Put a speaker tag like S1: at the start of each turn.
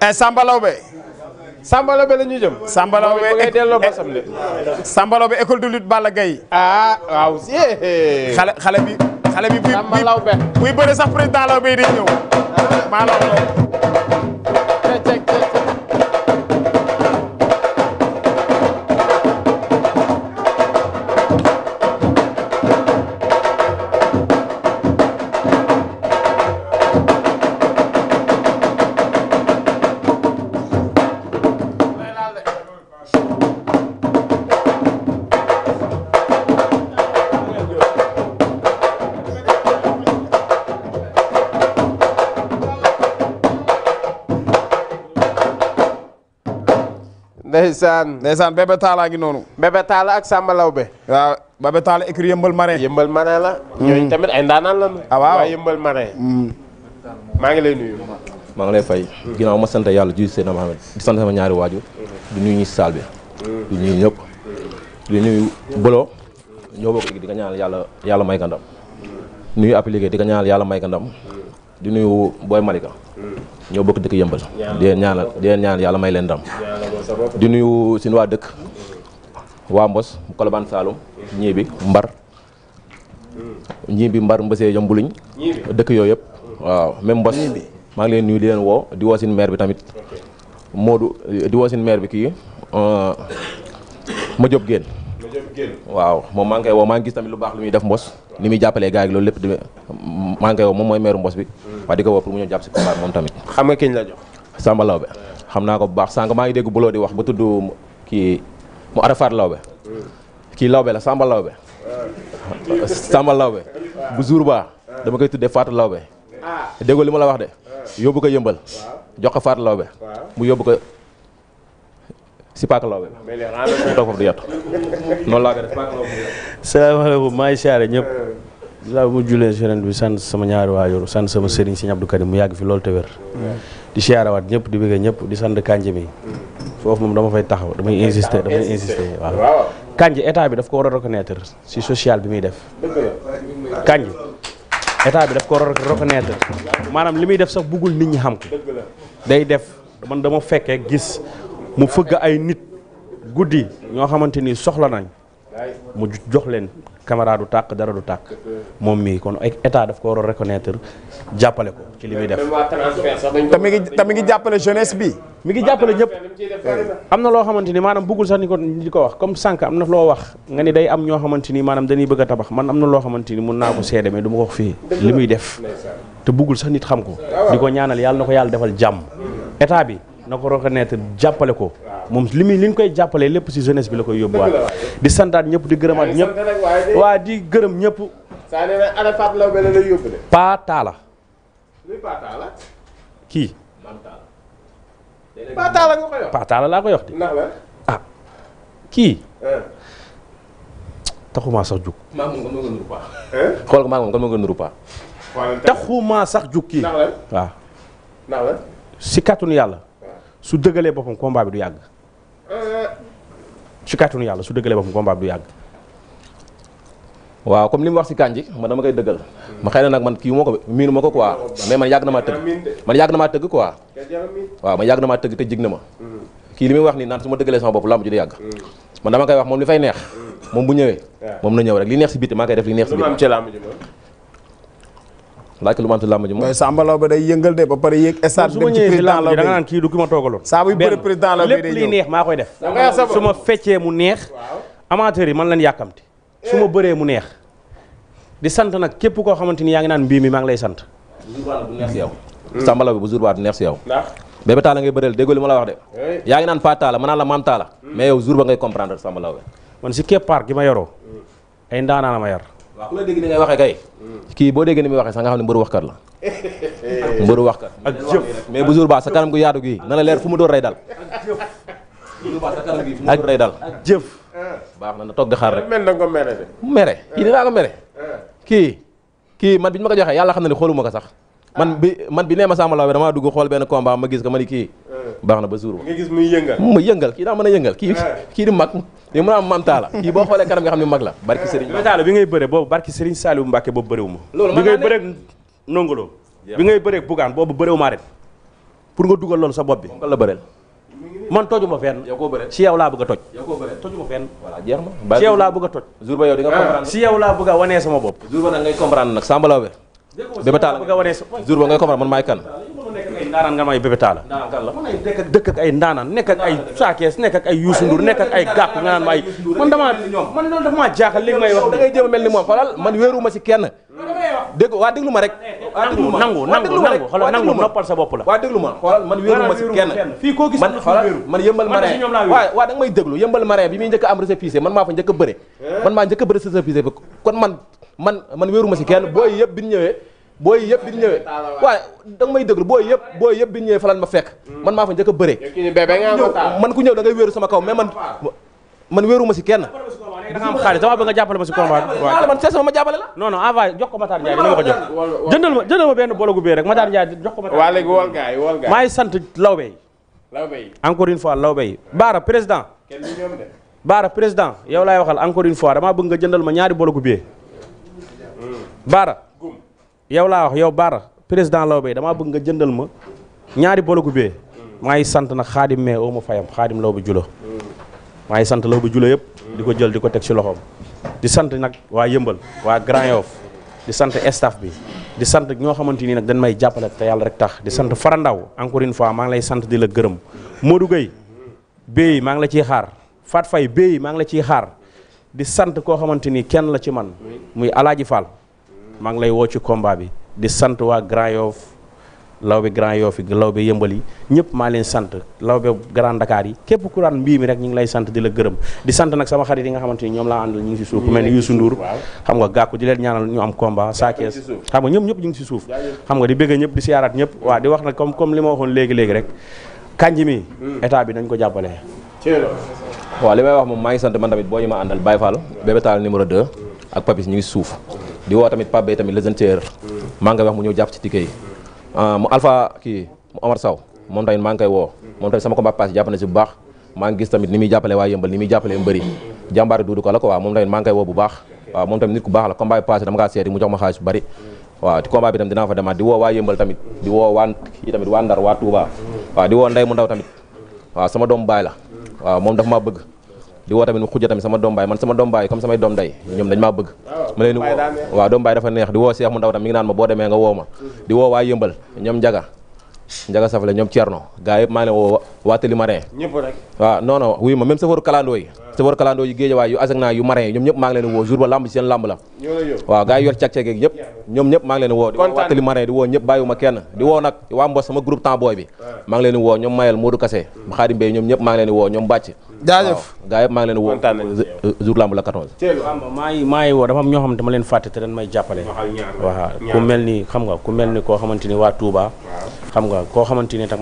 S1: eh Samba Lawbe Samba Lawbe la ñuy jëm. Samba Lawbe moom ngay delloo eh, basam de. Samba Lawbe école de lutte Balla Gaye. ah waaw si. Eh, eh. xale xale bi xale bi buy buy bëre sax président di ñëw ah. maa la ndeysaan ndeysaan bébé Talla ngi noonu bébé Talla ak Samba Lawbe waaw bébé Talla écrit yëmbal mare yëmbal mare la ñooñu tamit ay ndaanaan la ah waaw yëmbal mare mm. maa ngi lay nuyu maa ngi lay fay ginnaaw sant yàlla ji Seydina Mohamed di ñaari waajur du nuyu ñi saal ñëpp du nuyu bolo ñoo bokk di yàlla yàlla may ka ñaanal yàlla may ka ndam di nuyu Boy Malika ñoo bokk di leen ñaanal di ñaanal yàlla may leen ndam di nuyu suñu waa dëkk waa Mbos Kolobaan Saalum ñii bi Mbar ñii bi Mbar Mbësee Yombuluñ dëkk yooyu yëpp waaw même Mbos maa ngi leen nuyu leen woo di woo suñu maire bi tamit Modou di woo suñu meer bi kii euh, ma Diop Guène waaw moom maa ngi koy woo maa ngi gis tamit lu baax lu muy def Mbos ni muy jàppalee gars yi loolu lépp di maa ngi woo moom mooy maire Mbos bi waa di ko woo pour mu ñëw jàpp si combat moom tamit xam nga kiñ la jox Samba Lawbe xam naa ko baax sànq maa ngi dégg buloo di wax ba tudd kii mu arafaat lawbe kii lawbe la samba lawbe bu jour ba dama koy tuddee faatu lawbe déggoo li ma la wax de yóbbu ko yëmbal jox ko faatu lawbe mu yóbbu ko si paaka lawbe mu toog foofu di yàttu noonu laa ko def paaka lawbe salaamaaleykum maa ngi ñëpp ginnaaw bi ma sant sama ñaari waajur sant sama sëriñ Sëriñ Abdou mu yàgg fi loolu te wér di siyaarawaat ñëpp di bëggee ñëpp di sant kànj mi foofu moom dama fay taxaw damay insister damay insister waaw kànj état bi daf ko war a reconnaître si social bi muy def kànj bi daf ko war a maanaam li muy def sax buggul nit ñi xam ko day def man dama fekkee gis mu fëgg ay nit guddi ñoo xamante ni soxla nañ mu jox leen caméra du tàkk dara du tàkk moom mii kon état daf ko war a reconnaître jàppale ko ci li muy def te mi ngi te mi ngi jàppale jeunesse bi mi ngi jàppale ñëpp am na loo xamante ni maanaam bëggul sax ni ko di ko wax comme sànq am na loo wax nga ni day am ñoo xamante ni maanaam dañuy bëgg a tabax man am na loo xamante ni mun naa ko seede mais du mu ko fii li muy def te bëggul sax nit xam ko di ko ñaanal yàlla na ko yàlla defal jàmm état bi na ko reconnaître jàppale ko moom li muy li ñu koy jàppalee lépp si jeunesse bi la koy yóbbuwaat di santaat ñëpp di gërëmaat ñëpp waa di gërëm ñëpp saa ne Paa Talla kii laa koy wax di ah eh. taxumaa sax jug maa eh? Eh? taxumaa sax jug si kàttanu yàlla su dëggalee boppam combat bi du yàgg ci kàttanu yàlla su dëggalee boppam combat bi du yàgg. waaw comme li mu wax si Kandji man dama koy dëggal. ma xëy na nag man kii moo ko miinu ma ko quoi mais man yàgg na maa tëgg man yàgg na maa tëgg quoi. waaw man yàgg na maa tëgg te jig na ma. Mm. kii li muy wax nii naan su ma dëggalee sama bopp lamb ji du yàgg. Mm. man dama koy wax moom li fay neex. Mm. moom bu ñëwee. moom na ñëw rek li neex si biti maa koy def li neex si biti. laaj ko lu ma am ci làmb ji moom. Samba Laobé day yëngal naan kii du ki ma toogaloon. saa buy bëri président la lépp liy neex su ma feccee mu neex. amateurs yi man lañ yàkkamti. su ma eh. bëree mu neex. di sant nag képp koo xamante ni yaa ngi naan mbii mi maa ngi lay sant. bu neex si yow. bu jour ba du neex si yow. bébé Talla ngay bëreel déggoo li ma la wax de. Eh. yaa ngi naan Pa Talla ma naan la Maam Talla. Hmm. mais yow jour ba ngay comprendre Samba Laobé. man si keppaar gi ma yoroo ay ndaanaa ma yar waaw ku la dégg ni ngay waxee kay. Hmm. kii boo dégg ni muy waxee sax nga xam ne mbëru waxkat la. mbëru waxkat ak jëf mais bu jour ba sa kanam gu yaatu gi na la leer fu mu door rey dal. ak jëf dal jëf. baax na na toog di xaar rek mel na ko mere de. mere kii dinaa eh. kii kii man bi ñu ma ko joxee yàlla xam na ne xooluma ko sax man bi man bi nee ma Samba Laobé damaa dugg xool benn combat ma gis ko ma ni kii baax na ba jour nga gis muy yëngal kii daa mën a yëngal kii kii di mag di mën a am maam taala kii boo xoolee kanam nga xam ne mag la barki Serigne taala bi ngay bëre boobu barki Serigne Saliou Mbacké boobu bëréewu ma bi ngay bëreeg nongoloo bi ngay bëreeg bugaan boobu bëréewu maa ren pour nga dugal loolu sa bopp bi la bëreel man toju ma fenn si yow laa bëgg toj toju ma fenn jeex na si yow laa bëgg a toj jour ba si ah. yow laa bëgg a wanee sama bopp jour ba nag nag Samba Laobé Bébé Talla nga wane jour ba nga comprendre man maay kan ndaanaan nga may ay nekk ak dëkk ay ndaanaan nekk ay saakees nekk ay Youssou Ndour nekk ay gàkku nga naan may man man loolu dafa maa jaaxal may wax dangay jëm jéem mel ni moom xoolal man wéeru ma si kenn dégg waa déglu ma rek. waa déglu ma nangu nangu nangu xoolal nangu noppal sa bopp la. waa déglu ma man wéeru ma si kenn. man yëmbal marin waaw waaw da nga may déglu yëmbal marin bi muy njëkk a am récépissé man maa fa njëkk a bëre. Eh? man maa njëkk a bëre si kenn booy hmm. man maa fa njëkk a bëre man ku ñëw da wéeru sama kaw mais man man wéeruma si kenn. da nga am xaalis bëgg nga jàppale ma si combat ah, man c'est ma jàppale la non non envoyé jox ko Matar Ndiaye dina ma ko jox jëndal benn bologu bee rek Matar Ndiaye jox sant lawbe yi encore une fois lawbe Baara président kenn Baara président yow laay waxal encore une fois damaa bëgg nga jëndal ma ñaari bologu bee hmm. Baara yow laa wax yow Baara président lawbe damaa bëgg nga jëndal ma ñaari bologu bee hmm. maa ngi sant nag xaadim mais oo fayam xaadim lawbe julo maa ngi sant Lawbe Jula yëpp di ko jël di ko teg ci loxoom di sant nag waa Yëmbal waa Grand Yoff di sant staff bi di sant ñoo xamante nii nag dañ may jàppale te yàlla rek tax di sant farandaw encore une fois maa ngi lay sant di la gërëm moo Gueye béy maa ngi la ciy xaar Fat Faye béy maa ngi la ciy xaar di sant koo xamante ni kenn la ci man muy Alaaji Fall maa ngi lay woo ci kombaa bi di sant waa Grand Yoff lawbe Grand Yoff yi lawbe yëmbal yi ñëpp maa leen sant lawbe Grand Dakar yi képp ku daan mbii mi rek ñu ngi lay sant di la gërëm di sant nag sama xarit yi nga xamante ni ñoom laa àndal ñu ngi si suuf ku mel ni Youssou Ndour xam nga di leen ñaanal ñëpp ñu ngi si suuf xam nga di bëgg ñëpp di siyaaraat ñëpp waaw di wax nag comme comme li ma waxoon léegi-léegi rek kanji mi hmm. état bi nañ ko jàppale waaw li may wax moom maa ngi sant man tamit boo ñu ma àndal Baye Fall Bébé Tall numéro 2 ak Papis ñu ngi suuf di woo tamit Pape Bey tamit le hmm. nga wax mu ñëw jàpp ci ticket yi Euh, mu Alpha kii mu Omar Sow moom tamit maa ngi koy woo moom tamit sama combat passé jàpp na si bu baax maa ngi gis tamit ni muy jàppale waa yëmbal ni muy jàppale mbëri jàmbaari duudu ko la ko waaw moom tamit maa ngi koy woo bu baax waaw moom tamit nit ku baax la combat bi passé dama kaa seeti mu jox ma xaalis bu bari waaw combat bi tamit dinaa fa demaat di woo waa yëmbal tamit di woo waa ndar waa Touba waaw di woo nday mu ndaw tamit waaw sama doom baay la waaw moom dafa maa bëgg di woo tamit mu a tamit sama doom baay man sama doom baay comme samay doom day ñoom dañ maa bëgg ma leen waaw woo ma boo demee nga woo ma mm-hmm. di woo waa ñoom njaga njaga safale ñoom Thierno gaa ñoom ñëpp maa ngi woo la ñoom ñëpp maa ngi leen woo di woo waa Tali marin di woo ñëpp bàyyiwuma kenn di Mbey ñoom ñëpp maa ngi woo ñoom bàcc jaajëf gaa yëpp maa ngi leen woo jour lamb la 14. Thielou maa ngi maa ngi woo dafa am ñoo xam ne leen fàtte te dañ jàppale. waaw ku mel ni xam nga ku mel ni koo xamante waa Touba. xam nga koo xamante ni tam.